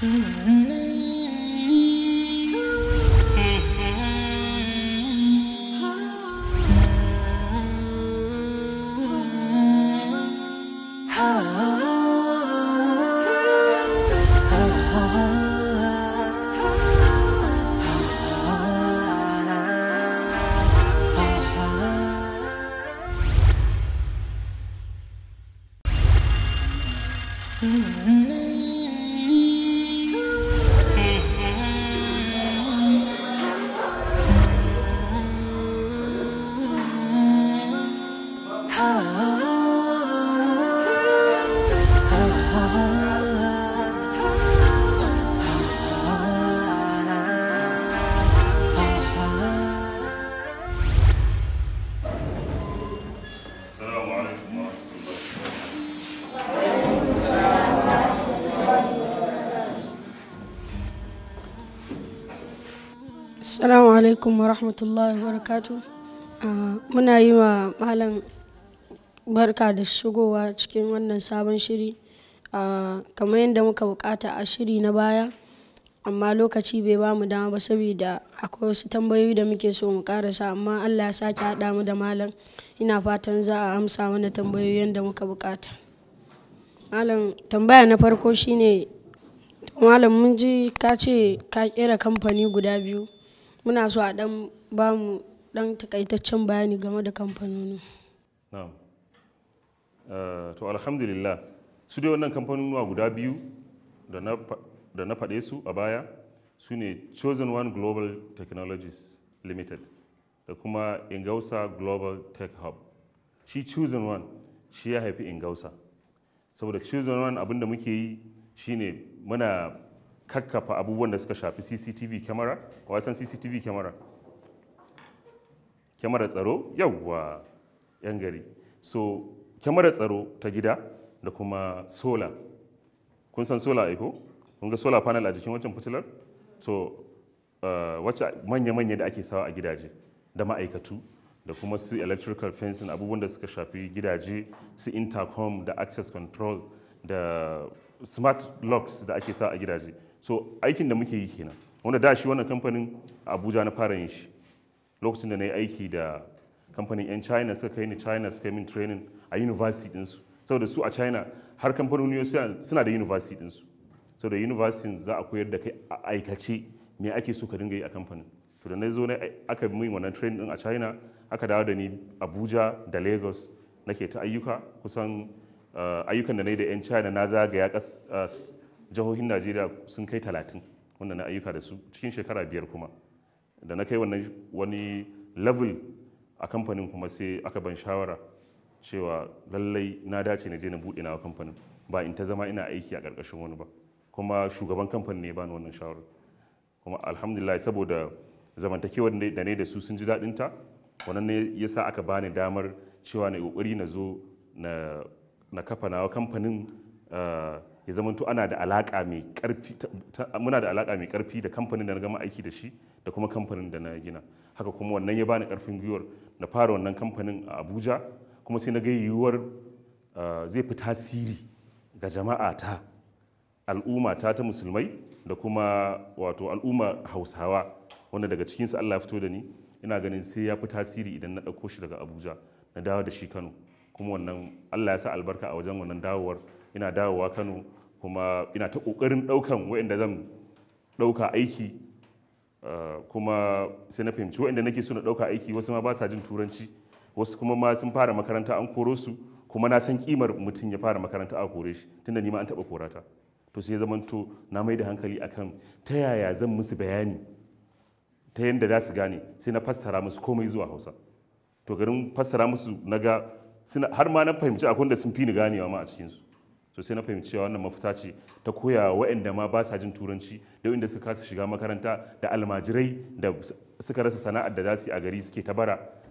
Mm-hmm. alaikum wa rahmatullahi wa barakatu ah, muna yi wa malam barka da shigowa cikin wannan sabon shiri ah, kamar yadda muka bukata a shiri na baya amma lokaci bai ba mu dama ba saboda akwai wasu tambayoyi da muke so mu karasa amma allah ya sake haɗa mu da malam ina fatan za a amsa mana tambayoyin da muka bukata malam tambaya na farko shine malam mun ji ka ce ka kera kamfani guda biyu muna so a dan ba mu dan takaitaccen bayani game da kamfanoni na'am eh, to alhamdulillah su dai wannan kamfanonuwa guda biyu da na faɗe su a baya su ne chosen one global technologies limited da kuma ingausa global tech hub shi chosen one shi ya haifi ingausa saboda chosen one abinda muke yi shine muna kakkafa abubuwan da suka shafi cctv kyamara wasan cctv kyamara kyamara tsaro yawwa yan gari so kyamara tsaro ta gida da kuma sola kun san sola aiko kun ga sola panel a jikin wancan fitilar to eh, wacce manya-manya da ake sawa a gidaje da ma'aikatu da kuma su electrical fencing abubuwan da suka shafi gidaje su intercom da access control da smart locks da ake sa a gidaje so aikin da muke yi kenan wanda da shi wannan kamfanin abuja na fara yin shi lokacin da na yi aiki da kamfanin 'yan china suka kai ni china suka min training a university dinsu saboda su a china har kamfanoni suna da university dinsu saboda university za a koyar da kai a aikace me ake so ka dinga yi a kamfanin to da na zo aka min wannan training din a china aka dawo da ni abuja da lagos nake ta ayyuka kusan eh, ayyukan da na yi da 'yan china na zagaya eh, jihohin najeriya sun kai talatin wanda na ayyuka da su cikin shekara biyar kuma da na kai wani level a kamfanin kuma sai aka ban shawara cewa lallai na dace na je na buɗe na kamfanin ba in ta zama ina aiki a ƙarƙashin wani ba kuma shugaban kamfanin ne bani wannan shawara kuma alhamdulillah saboda zamantakewar da ne da su sun ji daɗin ta wannan ne ya sa aka bani damar cewa na ƙoƙari na zo na kafa nawa kamfanin eh, ya zamanto ana da alaka mai karfi muna da alaka mai karfi da kamfanin da na gama aiki da shi da kuma kamfanin da na gina haka kuma wannan ya bani karfin gwiwar na fara wannan kamfanin a Abuja kuma sai na ga yiwuwar zai fi tasiri ga jama'a ta al'umma ta ta musulmai da kuma wato al'umma hausawa wanda daga su Allah ya fito da ni ina ganin sai ya fi tasiri idan na ɗauko shi daga Abuja na dawo da shi Kano kuma wannan Allah ya sa albarka a wajen wannan dawowar ina dawowa Kano kuma ina ta ƙoƙarin ɗaukan waɗanda zan ɗauka aiki eh, kuma sai na fahimci waɗanda nake so na ɗauka aiki wasu ma ba sa jin turanci wasu kuma ma sun fara makaranta an koro su kuma na san ƙimar mutum ya fara makaranta a kore shi tunda ni ma an taɓa korata to sai zamanto na mai da hankali akan ta yaya zan musu bayani ta yadda za su gane sai na fassara musu komai zuwa hausa to garin fassara musu na ga har ma na fahimci akwai da sun fi ni ganewa ma a cikinsu to sai na fahimci wannan mafita ce ta koya waɗanda ma ba sa jin turanci da inda suka kasa shiga makaranta da almajirai da suka rasa sana'ar da za yi a gari suke ta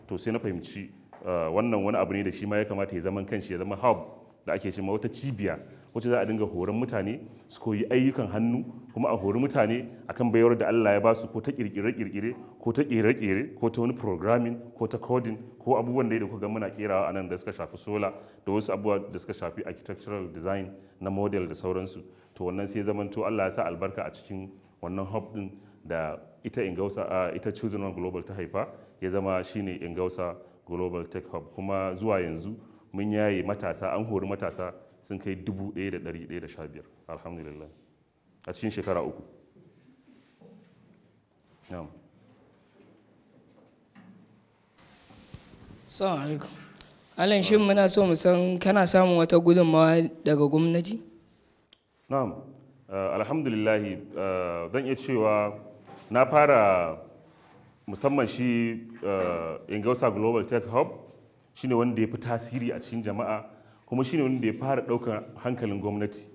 to sai na fahimci eh, wannan wani abu ne da shi ma ya kamata ya zama kanshi ya zama hub da ake cewa wata cibiya wacce za a dinga horon mutane su koyi ayyukan hannu kuma a hori mutane akan bayar da Allah ya basu ko ta kirkire-kirkire ko ta kere-kere ko ta wani programming ko ta coding ko abubuwan da kuka ga muna kerawa a nan da suka shafi solar da wasu abubuwa da suka shafi architectural design na model da sauransu to wannan sai to Allah ya sa albarka a cikin wannan hub din da ita ingausa ita chosen global ta haifa ya zama shine ingausa global tech hub kuma zuwa yanzu mun yaye matasa an hori matasa sun kai 1,115 alhamdulillah a cikin shekara uku alan shin muna so mu san kana samun wata gudunmawa daga gwamnati na'am eh, alhamdulillah eh, zan iya cewa na fara musamman shi eh, ingausa global tech hub shine wanda ya fi tasiri a cikin jama'a kuma shine wanda ya fara ɗaukar hankalin gwamnati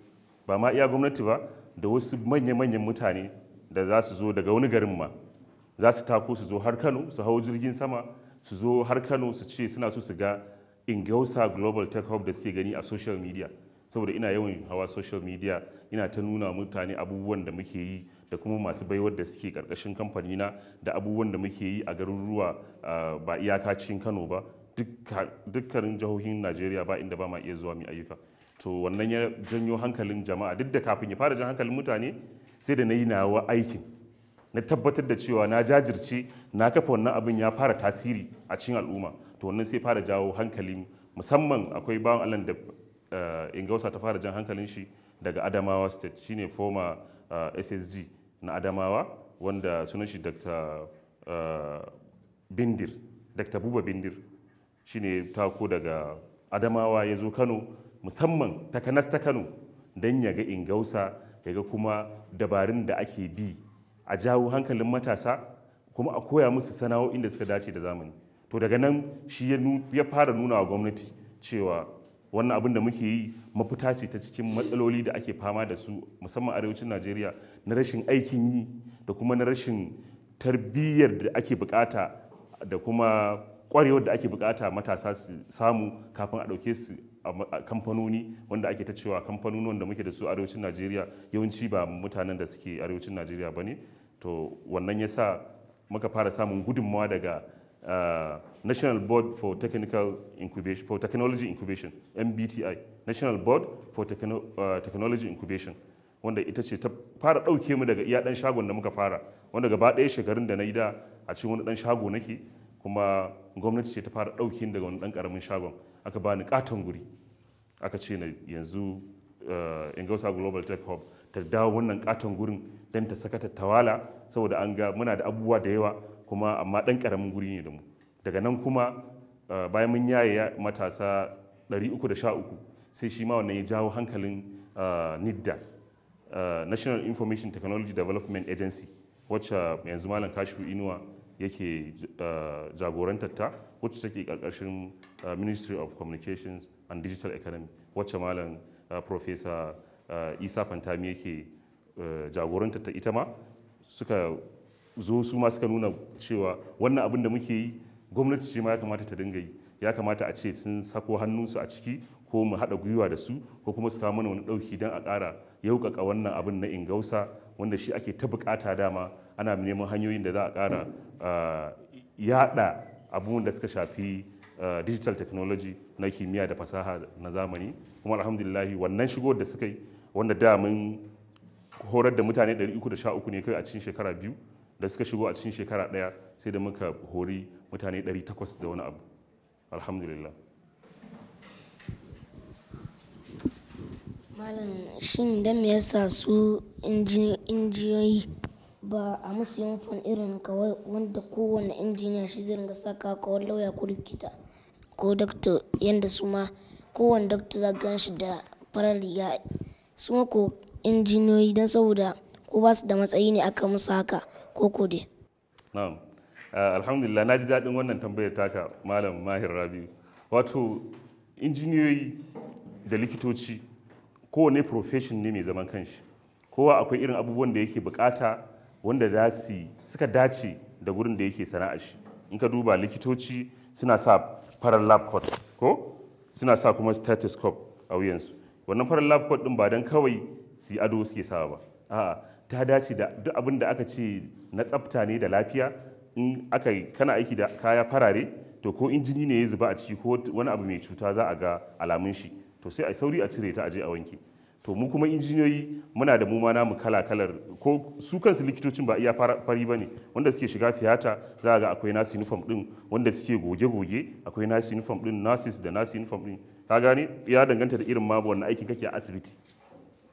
ba ma iya gwamnati ba da wasu manya-manyan mutane da za su zo daga wani garin ma za su tako su zo har kano su hau jirgin sama su zo har kano su ce suna so su ga ingausa global tech hub da suke gani a social media saboda ina yawan hawa social media ina ta nuna mutane abubuwan da muke yi da kuma masu baiwar da suke karkashin kamfanina da abubuwan da muke yi a garuruwa ah, ba iyaka cikin kano ba dukkanin jihohin najeriya ba inda ba ma iya zuwa mai ayyuka to wannan ya janyo hankalin jama'a duk da kafin ya fara jan hankalin mutane sai da na yi nawa aikin na tabbatar da cewa na jajirce na kafa wannan abin ya fara tasiri a cikin al'umma to wannan sai fara jawo hankalin musamman akwai bawan allah da eh, ingausa ta fara jan hankalin shi daga adamawa state shine former eh, ssg na adamawa wanda sunan shi dr eh, bindir dr buba bindir shine tako daga adamawa ya zo kano musamman takanas ta kano don ya ga ingausa ya ga kuma dabarun da ake bi a jawo hankalin matasa kuma a koya musu sana'o'in da suka dace da zamani to daga nan shi ya fara nuna wa gwamnati cewa wannan abin da muke yi mafita ce ta cikin matsaloli da ake fama da su musamman arewacin najeriya na rashin aikin yi da kuma na rashin tarbiyyar da ake bukata da kuma kwarewar da ake bukata matasa su samu kafin a ɗauke su a kamfanoni wanda ake ta cewa kamfanoni wanda muke da su arewacin najeriya yawanci ba mutanen da suke arewacin najeriya ba ne to wannan ya sa muka fara samun gudunmawa daga ah, national board for technology incubation mbti national board for ah, technology incubation wanda ita ce ta fara ɗauke mu daga iya dan shagon da muka fara wanda gaba ɗaya shekarun da na yi da a cikin wani dan shago nake kuma gwamnati ce ta fara ɗaukin daga wani ɗan ƙaramin shagon aka ba ni katon guri aka ce na yanzu eh, ingausa global tech hub ta dawo wannan ƙaton gurin don ta saka tawala saboda an ga muna da abubuwa da yawa kuma amma ɗan ƙaramin guri ne da mu daga nan kuma eh, bayan mun yaye matasa 313 sai shi ma wannan ya jawo hankalin eh, nidda national information technology development agency wacce yanzu malam kashi inuwa yake eh, jagorantarta wacce take karkashin eh, ministry of communications and digital economy wacce malam eh, professor isa fantami yake jagorantarta ita ma suka zo su ma suka nuna cewa wannan abin da muke yi gwamnati ce ma ya kamata ta dinga yi ya kamata a ce sun sako hannunsu a ciki ko mu haɗa gwiwa da su ko kuma su kawo mana wani ɗauki don a ƙara yauƙaƙa wannan abin na ingausa wanda shi ake ta buƙata dama ana neman hanyoyin da za a ƙara eh, yaɗa abubuwan da suka shafi eh, digital technology na kimiyya da fasaha na zamani kuma alhamdulillahi wannan shigo da suka yi wanda da mun horar da mutane 313 ne kai a cikin shekara biyu da suka shigo a cikin shekara ɗaya sai da muka hori mutane 800 da wani abu alhamdulillah Malam shin da me yasa su injiniyoyi ba a musu yunfan irin kawai wanda kowane injiniya shi zai ringa saka kawai lauya ko likita ko doctor yadda su ma kowane doctor za gan shi da farar riga su ma ko injiniyoyi don saboda ko ba su da matsayi ne aka musu haka ko ko dai. Ah, alhamdulillah na ji daɗin wannan tambayar taka Malam Mahir Rabi. Wato injiniyoyi da likitoci kowane profession ne mai zaman kanshi kowa akwai irin abubuwan da yake bukata wanda za su suka dace da wurin da yake sana'a shi in ka duba likitoci suna sa farar lab coat ko suna sa kuma stethoscope a wuyansu wannan farar lab coat din ba dan kawai su ado suke sawa ba a'a ta dace da duk abin da aka ce na tsafta ne da lafiya in aka kana aiki da kaya farare to ko injini ne ya zuba a ciki ko wani abu mai cuta za a ga alamun shi to sai a sauri a cire ta aje a wanke to mu kuma injiniyoyi muna da mu ma namu kala kalar ko su kansu likitocin ba iya fari bane wanda suke shiga fiyata za ga akwai nasu uniform din wanda suke goge goge akwai nasu uniform din nurses da nasu uniform din ka gane ya danganta da irin ma wannan aikin kake a asibiti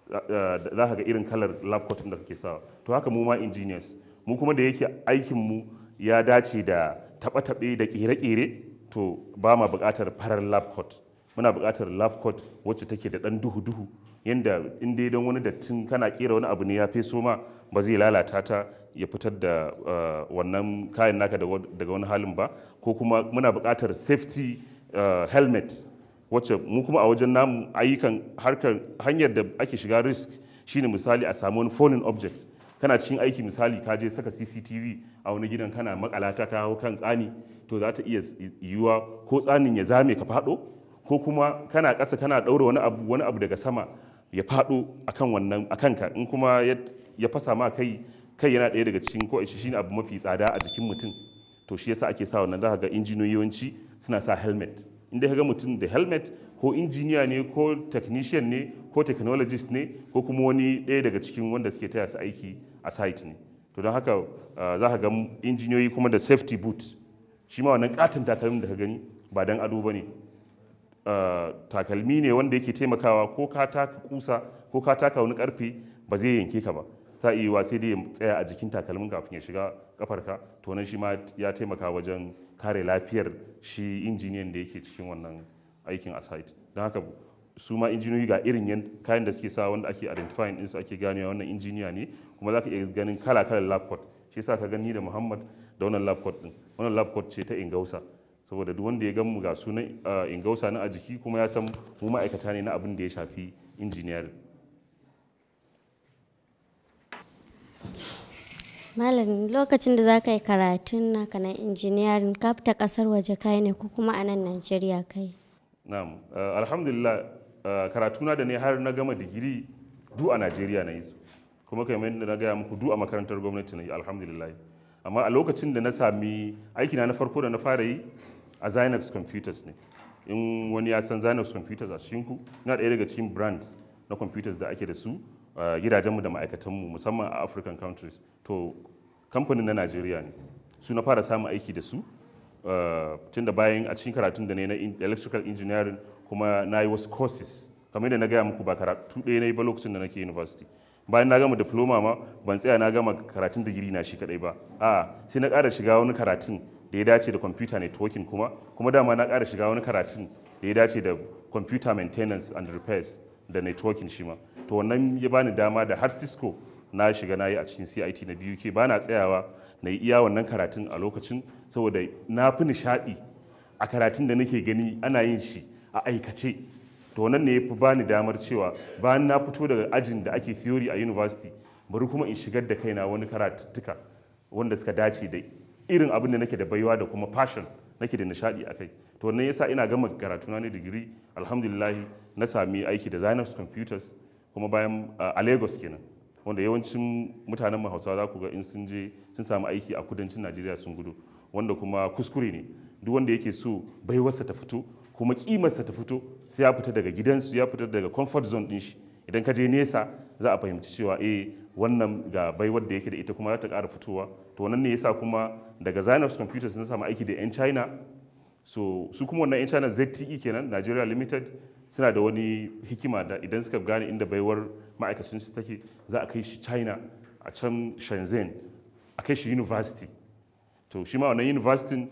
za ka ga irin kalar lab coat da kake sawa to haka mu ma engineers mu kuma da yake aikin mu ya dace da taɓe-taɓe da ƙere-ƙere to ba ma buƙatar farar lab coat muna buƙatar lab coat wacce take da ɗan duhu duhu yadda in dai don wani dattin kana kera wani abu ne ya feso ma ba zai lalata ta ya fitar da eh, wannan kayan naka daga wani halin ba ko kuma muna buƙatar safety eh, helmet wacce mu kuma a wajen namu ayyukan harkar hanyar da ake shiga risk shine misali a samu wani falling object kana cikin aiki misali ka je saka cctv a wani gidan kana makalata ka hau kan tsani to za ta iya yiwuwa ko tsanin ya zame ka faɗo ko kuma kana ƙasa kana ɗaura wani abu wani abu daga sama ya faɗo akan wannan akan ka in kuma ya fasa ma kai kai yana ɗaya daga cikin ko shi abu mafi tsada a jikin mutum to shi yasa ake sa wannan zaka ga injiniyoyi suna sa helmet inda ka ga mutum da helmet ko injiniya ne ko technician ne ko technologist ne ko kuma wani ɗaya daga cikin wanda suke taya su aiki a site ne to don haka za ka ga injiniyoyi kuma da safety boot shi ma wannan katin takalmin da ka gani ba dan ado ba ne takalmi ne wanda yake taimakawa ko ka taka kusa ko ka taka wani karfe ba zai yanke ka ba ta iya sai dai tsaya a jikin takalmin kafin ya shiga kafarka to nan shi ma ya taimaka wajen kare lafiyar shi injiniyan da yake cikin wannan aikin a site don haka su ma injiniyoyi ga irin kayan da suke sa wanda ake identifying su ake ganewa wannan injiniya ne kuma za ka iya ganin kala-kalan lab coat shi yasa ka gani da muhammad da wannan lab coat ɗin wannan lab coat ce ta ingausa saboda duk wanda ya gan mu ga sunan ingausa na a jiki kuma ya san mu ma'aikata ne na abin da ya shafi injiniyar malam lokacin da za ka yi karatun naka na injiniyarin ka fita kasar waje kai ne ko kuma a nan najeriya kai na'am alhamdulillah karatuna da ne har na gama digiri du a najeriya na yi su kuma kai mai na gaya muku du a makarantar gwamnati na yi alhamdulillah amma a lokacin da na sami aikina na farko da na fara yi a Zynex Computers ne in wani ya san Zynex Computers a shinku na ɗaya daga cikin brands na computers da ake da su mu da ma'aikatan mu musamman a African countries to kamfanin na Najeriya ne su na fara samun aiki da su Tunda bayan a cikin karatun da ne na electrical engineering kuma na yi wasu courses kamar yadda na gaya muku ba karatu ɗaya na yi ba lokacin da nake university bayan na gama diploma ma ban tsaya na gama karatun digiri na shi kaɗai ba A'a sai na ƙara shiga wani karatun da ya dace da computer networking kuma kuma dama na kara shiga wani karatun da ya dace da computer maintenance and repairs da networking shi ma to wannan ya bani dama da har cisco na shiga na yi a cikin cit na biyu ke bana tsayawa na yi iya wannan karatun a lokacin saboda na fi nishaɗi a karatun da nake gani ana yin shi a aikace to wannan ne ya fi bani damar cewa bayan na fito daga ajin da ake theory a university bari kuma in shigar da kaina wani karatuttuka wanda suka dace da irin abin da nake da baiwa da kuma fashion nake da nishadi a kai to wannan yasa ina gama karatuna ne digiri alhamdulillah na sami aiki da designers computers kuma bayan ah, a lagos kenan wanda yawancin mutanen hausawa za ku ga in sun je sun samu aiki a kudancin najeriya sun gudu wanda kuma kuskure ne duk wanda yake so baiwarsa ta fito kuma kimarsa ta fito sai ya fita daga gidansu ya fita daga comfort zone din shi idan ka je nesa za a fahimci cewa eh wannan ga baiwar da yake da ita kuma za ta ƙara fitowa to wannan ne yasa kuma daga zainab Computers sun samu aiki da 'yan China so su kuma wannan 'yan China ZTE kenan Nigeria Limited suna da wani hikima da idan suka gane inda baiwar ma'aikacin su take za a kai shi China a can Shenzhen a kai shi university to shi ma wannan university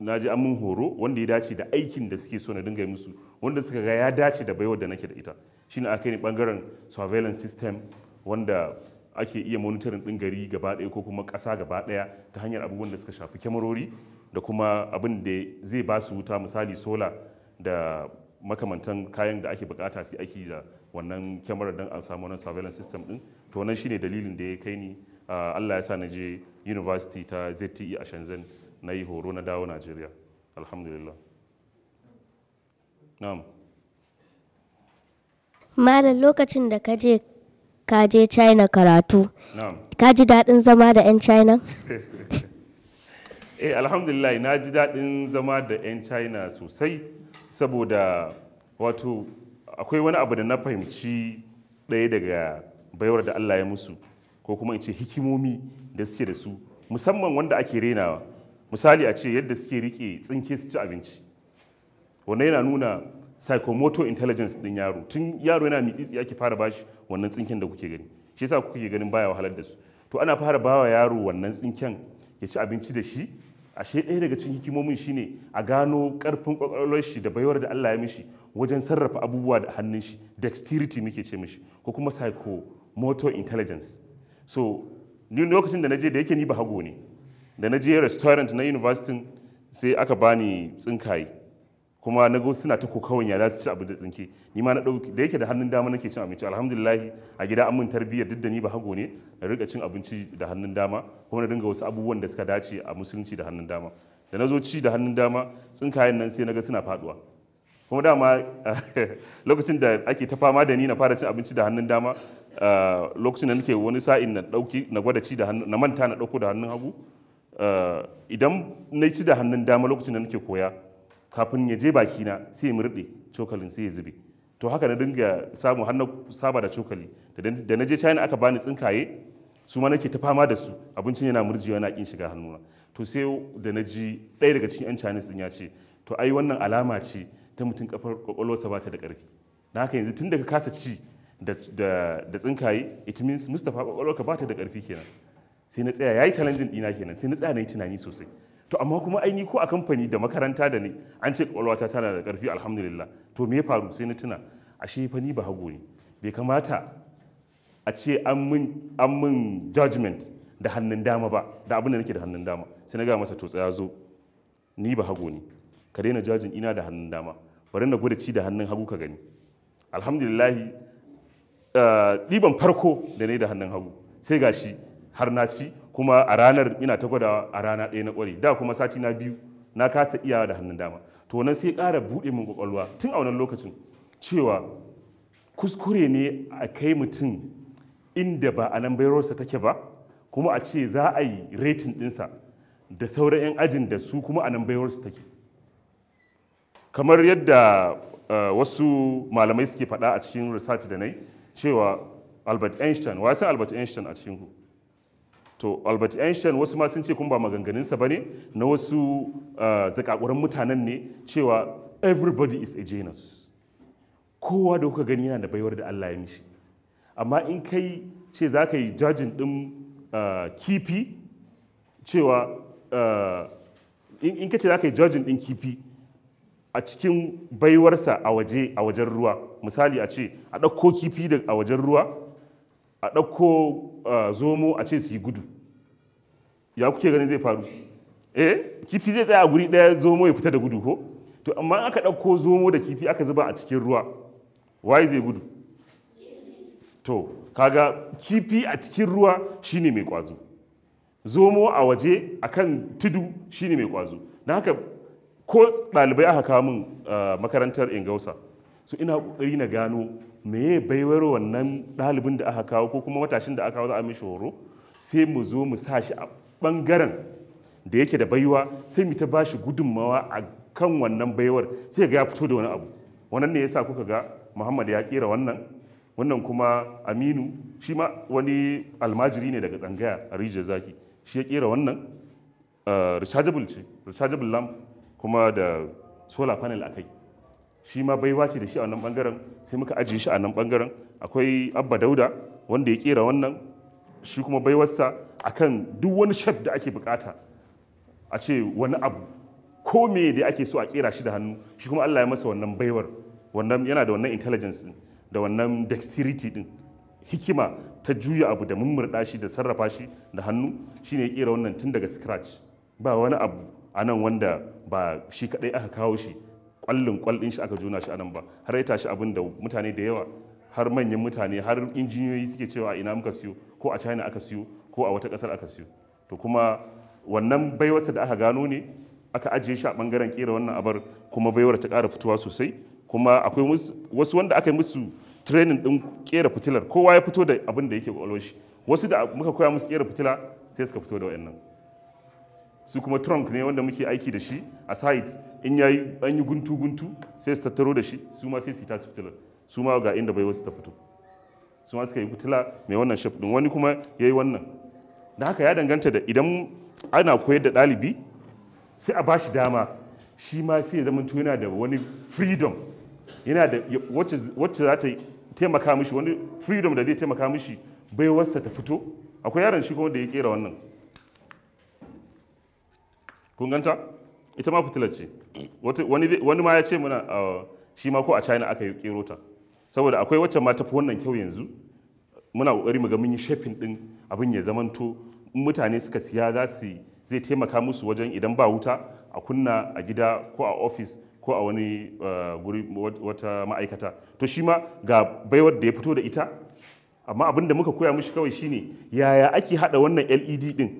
na ji amin horo wanda ya dace da aikin da suke so na dinga musu wanda suka ga ya dace da baiwar da nake da ita shine aka ni bangaren surveillance system wanda ake iya monitorin din gari gaba ɗaya ko kuma ƙasa gaba ɗaya ta hanyar abubuwan da suka shafi kyamarori da kuma abin da zai ba su wuta misali sola da makamantan kayan da ake bukata su ake da wannan kyamarar don a samu wannan surveillance system din to wannan shine dalilin da ya kai ni Allah ya sa na je university ta ZTE a shanzan. na yi horo na dawo najeriya alhamdulillah na'am malam lokacin da kaje kaje ka china karatu ka ji daɗin zama da 'yan china eh alhamdulillah na ji daɗin zama da 'yan china sosai saboda wato akwai wani abu da na fahimci ɗaya daga baiwar da allah ya musu ko kuma in ce hikimomi da suke da su musamman wanda ake renawa misali a ce yadda suke rike tsinke su ci abinci wannan yana nuna psychomotor intelligence din yaro tun yaro yana mitsitsi ake fara bashi wannan tsinken da kuke gani shi yasa kuke ganin baya wahalar da su to ana fara bawa yaro wannan tsinken ya ci abinci da shi ashe ɗaya daga cikin hikimomin ne a gano ƙarfin ƙwaƙwalwar shi da baiwar da Allah ya mishi wajen sarrafa abubuwa da hannun shi dexterity muke ce mishi ko kuma psychomotor intelligence so ni lokacin da na je da yake ni ba hago ne da na je restaurant na university sai aka bani tsinkaye kuma na go suna ta kokawan ya su ci abu da tsinke ni ma na dauki da yake da hannun dama nake cin abinci alhamdulillah a gida an mun tarbiyyar duk da ni ba hago ne na rika cin abinci da hannun dama kuma na dinga wasu abubuwan da suka dace a musulunci da hannun dama da na zo ci da hannun dama tsinkayen nan sai na ga suna faduwa kuma dama lokacin da ake ta fama da ni na fara cin abinci da hannun dama ah, lokacin da nake wani sa'in na dauki na gwada ci da hannun na manta na dauko da hannun hagu Eh, idan na ci da hannun dama lokacin da nake koya kafin ya je bakina sai ya murɗe cokalin sai ya zube to haka na dinga samu hannun saba da cokali da na je china aka bani tsinkaye su ma nake ta fama da su abincin yana murjewa na kin shiga hannuna to sai da na ji ɗaya daga cikin 'yan chinese din ya ce to ai wannan alama ce ta mutum kafar kwakwalwarsa ba ta da ƙarfi na haka yanzu tun daga kasa ci da tsinkaye it means mustapha kwakwalwarka ba ta da ƙarfi kenan sai na tsaya yayi challenging dina kenan sai na tsaya nayi tunani sosai to amma kuma ai ni ko a kamfani da makaranta da ni an ce ta tana da karfi alhamdulillah to me ya faru sai na tuna ashe fa ni ba hago ne bai kamata a ce an mun judgment da hannun dama ba da abin da nake da hannun dama sai na ga masa to tsaya zo ni ba hago ne ka daina jajin ina da hannun dama bari na gwada ci da hannun hagu ka gani alhamdulillah diban eh, farko da ne da hannun hagu sai gashi har na ci kuma a ranar ina ta gwada a rana ɗaya na ƙware da kuma sati na biyu na kasa iya da hannun dama to nan sai kara buɗe min kwakwalwa tun a wannan lokacin cewa kuskure ne a kai mutum inda ba a nan bayarwarsa take ba kuma a ce za a yi retin ɗinsa da sauran 'yan ajin da su kuma a nan bayarwarsa take kamar yadda eh, wasu malamai suke faɗa a cikin research da na yi cewa albert einstein wasu albert einstein a cikin to albert einstein wasu ma sun ce kun ba maganganunsa ba ne na wasu ah, zakakuran mutanen ne cewa everybody is a genus. kowa da kuka gani yana da baiwar da allah ya mishi amma in kai ce za ka yi jajin ɗin ah, kifi cewa ah, in ka ce za ka yi jajin ɗin kifi a cikin baiwarsa a waje a wajen ruwa misali a ce a ɗauko kifi a wajen ruwa a ɗauko zomo a ce su yi gudu ya kuke ganin zai faru eh kifi zai tsaya a guri ɗaya zomo ya fita da gudu ko to amma aka ɗauko zomo da kifi aka zuba a cikin ruwa waye zai gudu to kaga kifi a cikin ruwa shine mai kwazo zomo a waje akan tudu shine mai kwazo na haka ko ɗalibai aka kawo min makarantar ingausa su ina kokari na gano me ya baiwar wannan ɗalibin da aka kawo ko kuma matashin da aka kawo za a mishi horo sai mu zo mu sa shi a ɓangaren da yake da baiwa sai mu ta ba shi gudunmawa a kan wannan baiwar sai ga ya fito da wani abu wannan ne yasa kuka ga muhammad ya kera wannan wannan kuma aminu shi ma wani almajiri ne daga tsangaya a rijiyar zaki shi ya kera wannan eh, rechargeable ce rechargeable lamp kuma da solar panel a kai shi ma baiwa ce da shi a nan bangaren sai muka ajiye shi a nan bangaren akwai abba dauda wanda ya kera wannan shi kuma baiwarsa kan duk wani shaf da ake bukata a ce wani abu ko me da ake so a kera shi da hannu shi kuma Allah ya masa wannan baiwar wannan yana da wannan intelligence da wannan dexterity din hikima ta juya abu da mummurda shi da sarrafa shi da hannu Shi ne ya kera wannan tun daga scratch ba wani abu a nan wanda ba shi kadai aka kawo shi kwallin kwallin shi aka juna shi a nan ba har ya tashi abin da mutane da yawa har manyan mutane har injiniyoyi suke cewa ina muka siyo ko a china aka siyo ko a wata kasar aka siyo to kuma wannan baiwarsa da aka gano ne aka ajiye shi a bangaren kera wannan abar kuma baiwar ta kara fitowa sosai kuma akwai wasu wanda aka yi musu training din kera fitilar kowa ya fito da abin da yake kwallon shi wasu da muka koya musu kera fitila sai suka fito da wayannan su kuma trunk ne wanda muke aiki da shi a site in yayi an yi guntu guntu sai su tattaro da shi su ma sai su tasu fitila su ma ga inda bai wasu ta fito su ma suka yi fitila mai wannan shaf din wani kuma yayi wannan da haka ya danganta da idan ana koyar da ɗalibi sai a bashi dama shi ma sai ya zama yana da wani freedom yana da wacce za ta taimaka mishi wani freedom da zai taimaka mishi bai wasu ta fito akwai yaron shi kuma da ya kera wannan kun ganta ita ma fitilar ce wani ma ya ce mana ah, shi ma ko a china aka yi kerota saboda akwai wacce ma tafi wannan kyau yanzu muna kokari mu ga mun yi shafin din abin ya zamanto mutane suka siya za su zai taimaka musu wajen idan ba wuta a kunna a gida ko a ofis ko a wani eh, guri wata ma'aikata to shi ma ga baiwar da ya fito da ita amma abin da muka koya mishi kawai shine yaya ake hada wannan led din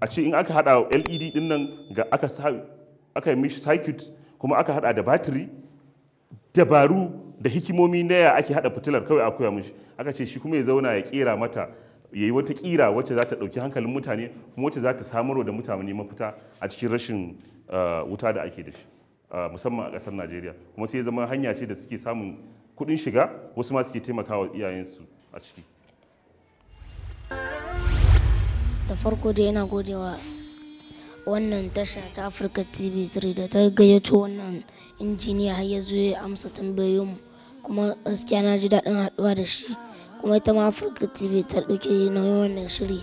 a ce in aka hada led din nan ga aka sa aka yi mishi circuit kuma aka hada da batiri dabaru da hikimomi na ya ake hada fitilar kawai akuya koya mishi aka ce shi kuma ya zauna ya kera mata ya yi wata kira wacce za ta ɗauki hankalin mutane kuma wacce za ta samarwa da mutane mafita a cikin rashin eh, wuta da ake da shi eh, musamman a kasar najeriya kuma sai ya zama hanya ce da suke samun kuɗin shiga wasu ma suke taimakawa iyayensu a ciki da farko da yana godewa wannan tasha ta Africa TV3 da ta gayyato wannan injiniya har ya zo ya amsa tambayoyinmu kuma gaskiya na ji daɗin haɗuwa da shi kuma ita ma Africa TV ta ɗauke nauyin wannan shiri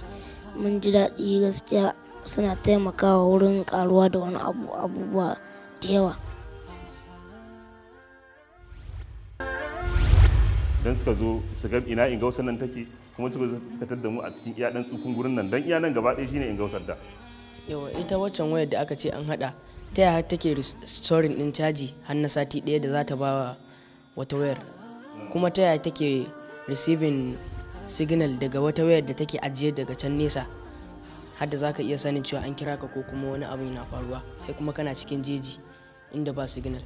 mun ji daɗi gaskiya suna taimakawa wurin ƙaruwa da wani abubuwa da yawa don suka zo su ga ina inga wasu nan take kuma suka suka da mu a cikin iya dan tsukun gurin nan dan iya nan gaba ɗaya shine in gausar da yawa ita waccan wayar da aka ce an hada ta yaya take restoring din caji har na sati daya da za ta ba wata wayar kuma ta yaya take receiving signal daga wata wayar da take ajiye daga can nesa har da zaka iya sanin cewa an kira ka ko kuma wani abu yana faruwa kai kuma kana cikin jeji inda ba signal